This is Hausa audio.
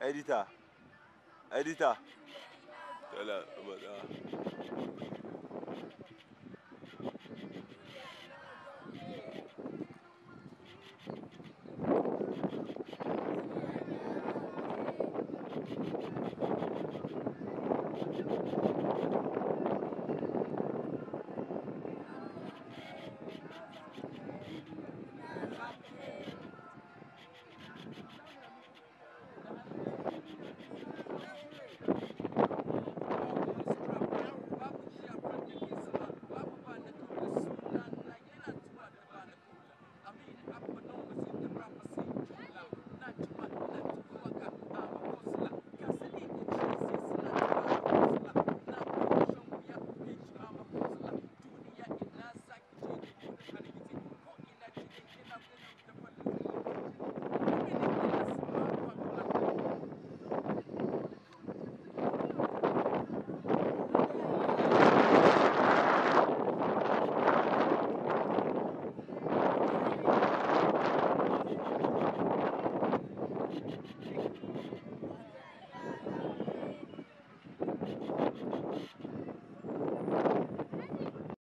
Edita. Edita.